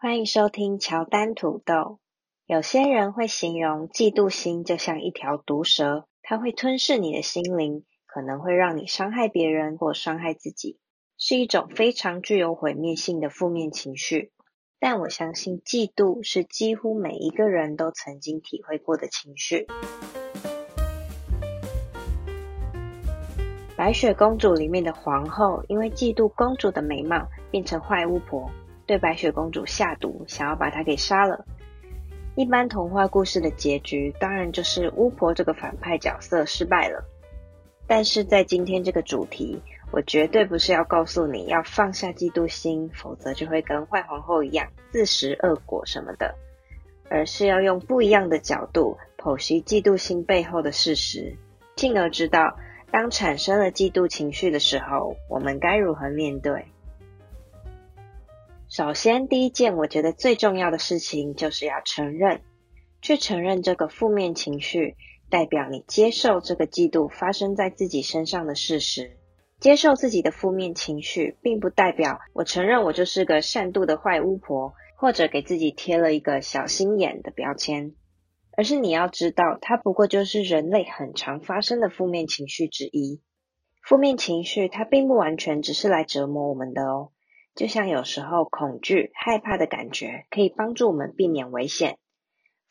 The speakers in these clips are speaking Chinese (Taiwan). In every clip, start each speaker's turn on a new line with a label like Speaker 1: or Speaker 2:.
Speaker 1: 歡迎收聽喬丹土豆。有些人會形容嫉妒心就像一條毒蛇，它會吞噬你的心靈，可能會讓你傷害別人或傷害自己，是一種非常具有毀滅性的負面情緒。但我相信，嫉妒是幾乎每一個人都曾經體會過的情緒。白雪公主裡面的皇後，因為嫉妒公主的美貌，變成壞巫婆。對白雪公主下毒，想要把她給殺了。一般童話故事的結局，當然就是巫婆這個反派角色失敗了。但是在今天這個主題，我絕對不是要告訴你要放下嫉妒心，否則就會跟壞皇後一樣自食惡果什麼的，而是要用不一樣的角度剖析嫉妒心背後的事實，進而知道當產生了嫉妒情緒的時候，我們該如何面對。首先，第一件我覺得最重要的事情就是要承認，去承認這個負面情緒，代表你接受這個嫉妒發生在自己身上的事實。接受自己的負面情緒，並不代表我承認我就是個善妒的壞巫婆，或者給自己貼了一個小心眼的標籤，而是你要知道，它不過就是人類很常發生的負面情緒之一。負面情緒它並不完全只是來折磨我們的哦。就像有時候恐懼、害怕的感覺可以幫助我們避免危險；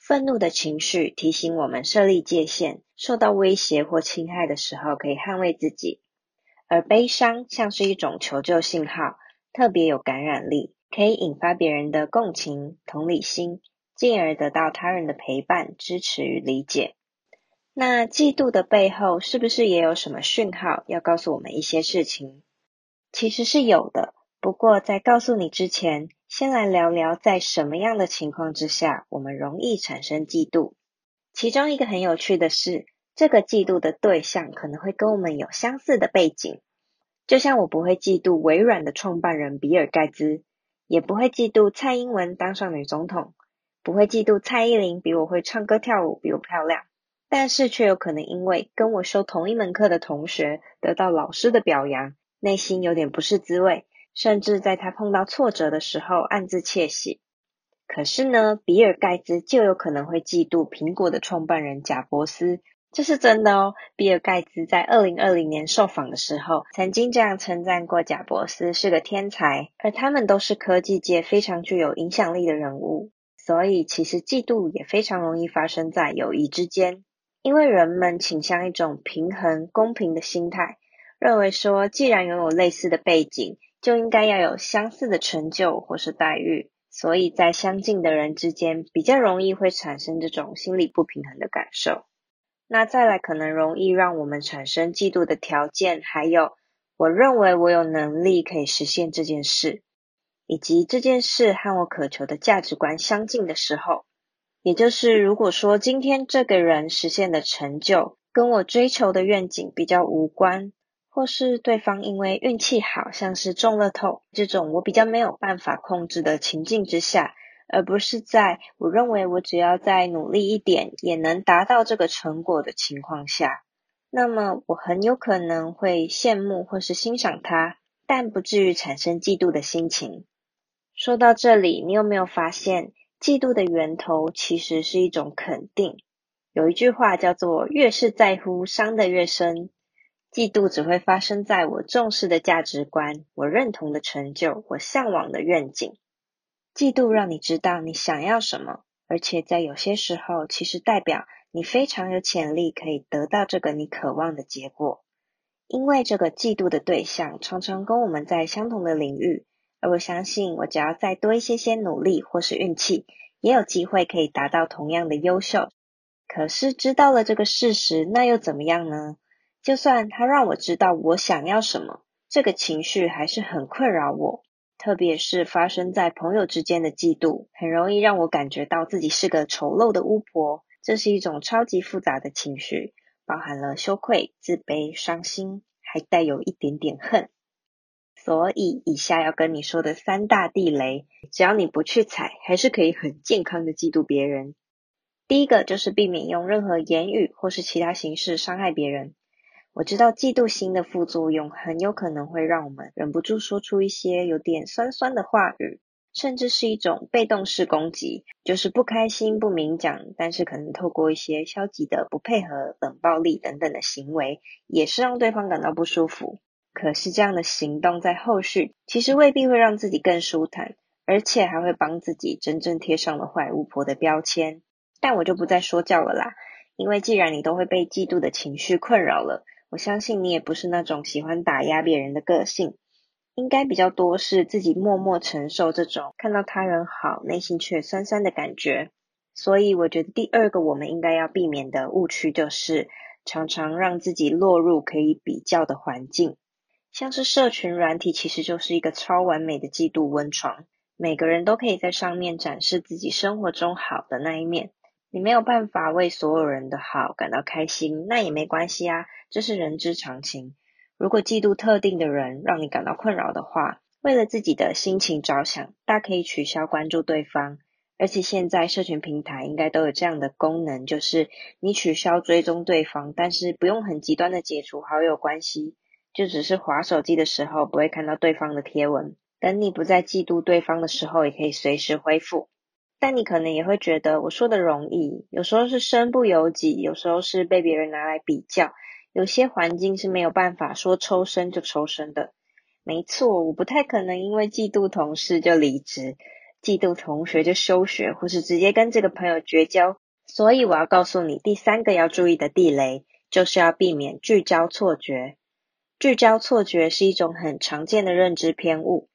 Speaker 1: 憤怒的情緒提醒我們設立界限；受到威脅或侵害的時候可以捍衛自己。而悲傷像是一種求救信號，特別有感染力，可以引發別人的共情、同理心，進而得到他人的陪伴、支持與理解。那嫉妒的背後是不是也有什麼訊號要告訴我們一些事情？其實是有的。不過，在告訴你之前，先來聊聊在什麼樣的情況之下，我們容易產生嫉妒。其中一個很有趣的是，這個嫉妒的對象可能會跟我們有相似的背景。就像我不會嫉妒微軟的創辦人比爾蓋茨，也不會嫉妒蔡英文當上女總統，不會嫉妒蔡依林比我會唱歌跳舞，比我漂亮，但是卻有可能因為跟我修同一門課的同學得到老師的表揚，內心有點不是滋味。甚至在他碰到挫折的時候，暗自竊喜。可是呢，比爾蓋茨就有可能會嫉妒蘋果的創辦人賈伯斯，這是真的哦。比爾蓋茨在二零二零年受訪的時候，曾經這樣稱讚過賈伯斯是個天才。而他們都是科技界非常具有影響力的人物，所以其實嫉妒也非常容易發生在友誼之間，因為人們傾向一種平衡、公平的心態，認為說既然擁有類似的背景。就應該要有相似的成就或是待遇，所以在相近的人之間比較容易會產生這種心理不平衡的感受。那再來，可能容易讓我們產生嫉妒的條件，還有我認為我有能力可以實現這件事，以及這件事和我渴求的價值觀相近的時候，也就是如果說今天這個人實現的成就跟我追求的願景比較無關。或是對方因為運氣好，像是中了頭，這種我比較沒有辦法控制的情境之下，而不是在我認為我只要再努力一點也能達到這個成果的情況下，那麼我很有可能會羨慕或是欣賞他，但不至於產生嫉妒的心情。說到這裡，你有沒有發現，嫉妒的源頭其實是一種肯定？有一句話叫做“越是在乎，傷得越深”。嫉妒只會發生在我重視的價值觀、我認同的成就、我嚮往的願景。嫉妒讓你知道你想要什麼，而且在有些時候，其實代表你非常有潛力可以得到這個你渴望的結果。因為這個嫉妒的對象常常跟我們在相同的領域，而我相信我只要再多一些些努力或是運氣，也有機會可以達到同樣的優秀。可是知道了這個事實，那又怎麼樣呢？就算他讓我知道我想要什麼，這個情緒還是很困擾我。特別是發生在朋友之間的嫉妒，很容易讓我感覺到自己是個醜陋的巫婆。這是一種超級複雜的情緒，包含了羞愧、自卑、傷心，還帶有一點點恨。所以，以下要跟你說的三大地雷，只要你不去踩，還是可以很健康的嫉妒別人。第一個就是避免用任何言語或是其他形式傷害別人。我知道嫉妒心的副作用很有可能會讓我們忍不住說出一些有點酸酸的話語，甚至是一種被動式攻擊，就是不開心不明講，但是可能透過一些消極的不配合、冷暴力等等的行為，也是讓對方感到不舒服。可是這樣的行動在後續其實未必會讓自己更舒坦，而且還會幫自己真正貼上了壞巫婆的標籤。但我就不再說教了啦，因為既然你都會被嫉妒的情緒困擾了。我相信你也不是那種喜歡打壓別人的個性，應該比較多是自己默默承受這種看到他人好，內心卻酸酸的感覺。所以我覺得第二個我們應該要避免的誤區，就是常常讓自己落入可以比較的環境，像是社群軟體，其實就是一個超完美的嫉妒溫床，每個人都可以在上面展示自己生活中好的那一面。你沒有辦法為所有人的好感到開心，那也沒關係啊，這是人之常情。如果嫉妒特定的人讓你感到困擾的話，為了自己的心情着想，大可以取消關注對方。而且現在社群平台應該都有這樣的功能，就是你取消追蹤對方，但是不用很極端的解除好友關係，就只是滑手機的時候不會看到對方的貼文。等你不再嫉妒對方的時候，也可以隨時恢復。但你可能也會覺得我說的容易，有時候是身不由己，有時候是被別人拿來比較，有些環境是沒有辦法說抽身就抽身的。沒錯，我不太可能因為嫉妒同事就離職，嫉妒同學就休學，或是直接跟這個朋友絕交。所以我要告訴你，第三個要注意的地雷，就是要避免聚焦錯覺。聚焦錯覺是一種很常見的認知偏誤。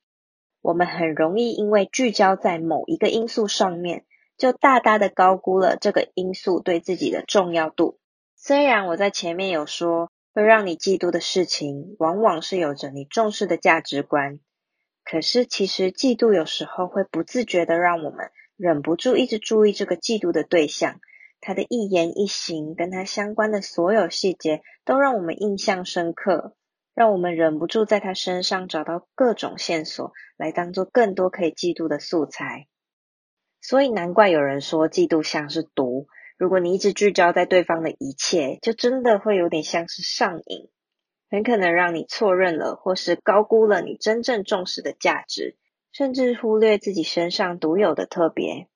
Speaker 1: 我們很容易因為聚焦在某一個因素上面，就大大的高估了這個因素對自己的重要度。雖然我在前面有說，會讓你嫉妒的事情，往往是有着你重視的價值觀，可是其實嫉妒有時候會不自覺的讓我們忍不住一直注意這個嫉妒的對象，他的一言一行，跟他相關的所有細節，都讓我們印象深刻。讓我們忍不住在他身上找到各種線索，來當做更多可以嫉妒的素材。所以難怪有人說嫉妒像是毒。如果你一直聚焦在對方的一切，就真的會有點像是上癮，很可能讓你錯認了，或是高估了你真正重視的價值，甚至忽略自己身上獨有的特別。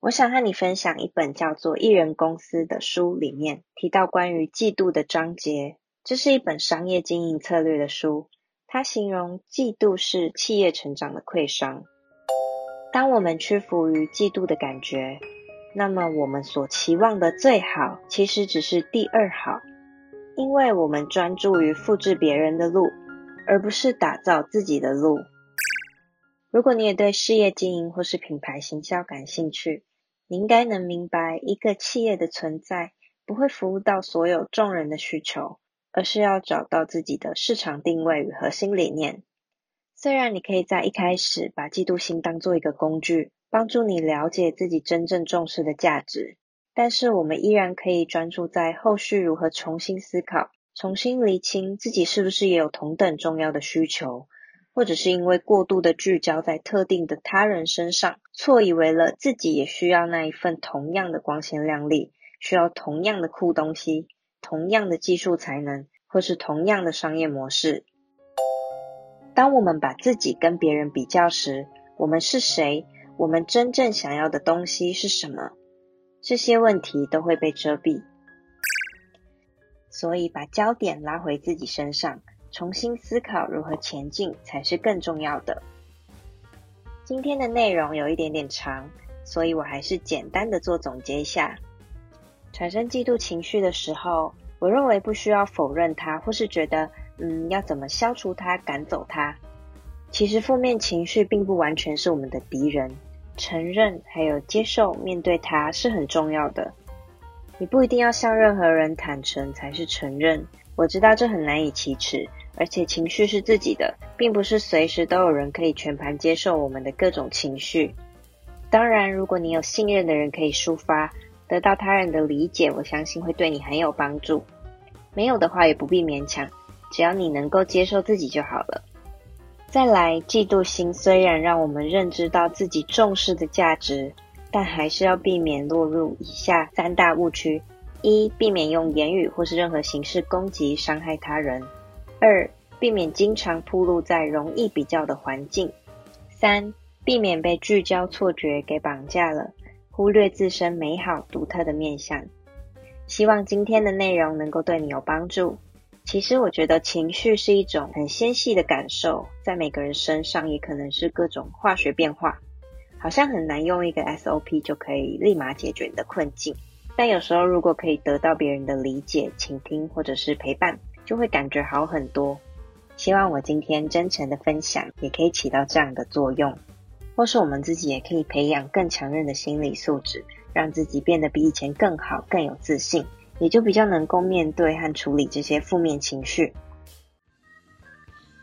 Speaker 1: 我想和你分享一本叫做《一人公司》的書，裡面提到關於嫉妒的章節。這是一本商業經營策略的書，它形容嫉妒是企業成長的潰瘍。當我們屈服於嫉妒的感覺，那麼我們所期望的最好，其實只是第二好，因為我們專注於複製別人的路，而不是打造自己的路。如果你也對事業經營或是品牌行銷感興趣，你應該能明白，一個企業的存在不會服務到所有眾人的需求。而是要找到自己的市場定位與核心理念。雖然你可以在一開始把嫉妒心當做一個工具，幫助你了解自己真正重視的價值，但是我們依然可以專注在後續如何重新思考、重新釐清自己是不是也有同等重要的需求，或者是因為過度的聚焦在特定的他人身上，錯以為了自己也需要那一份同樣的光鮮亮麗，需要同樣的酷東西，同樣的技術才能。或是同樣的商業模式。當我們把自己跟別人比較時，我們是誰？我們真正想要的東西是什麼？這些問題都會被遮蔽。所以，把焦點拉回自己身上，重新思考如何前進才是更重要的。今天的內容有一點點長，所以我還是簡單的做總結一下：產生嫉妒情緒的時候。我認為不需要否認它，或是覺得，嗯，要怎麼消除它、趕走它。其實負面情緒並不完全是我們的敵人，承認還有接受面對它是很重要的。你不一定要向任何人坦誠才是承認。我知道這很難以啟齒，而且情緒是自己的，並不是隨時都有人可以全盤接受我們的各種情緒。當然，如果你有信任的人可以抒發，得到他人的理解，我相信會對你很有幫助。沒有的話也不必勉強，只要你能夠接受自己就好了。再來，嫉妒心雖然讓我們認知到自己重視的價值，但還是要避免落入以下三大誤區：一、避免用言語或是任何形式攻擊傷害他人；二、避免經常暴露在容易比較的環境；三、避免被聚焦錯覺給綁架了，忽略自身美好獨特的面向。希望今天的內容能夠對你有幫助。其實我覺得情緒是一種很纖細的感受，在每個人身上也可能是各種化學變化，好像很難用一個 SOP 就可以立馬解決你的困境。但有時候如果可以得到別人的理解、傾聽或者是陪伴，就會感覺好很多。希望我今天真誠的分享也可以起到這樣的作用。或是我們自己也可以培養更強韌的心理素質，讓自己變得比以前更好、更有自信，也就比較能夠面對和處理這些負面情緒。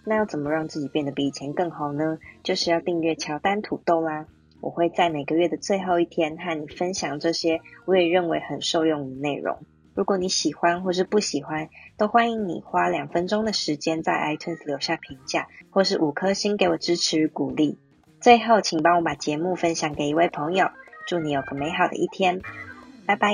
Speaker 1: 那要怎麼讓自己變得比以前更好呢？就是要訂閱喬丹土豆啦！我會在每個月的最後一天和你分享這些我也認為很受用的內容。如果你喜歡或是不喜歡，都歡迎你花兩分鐘的時間在 iTunes 留下評價，或是五顆星給我支持與鼓勵。最後，請幫我把節目分享給一位朋友。祝你有個美好的一天，拜拜。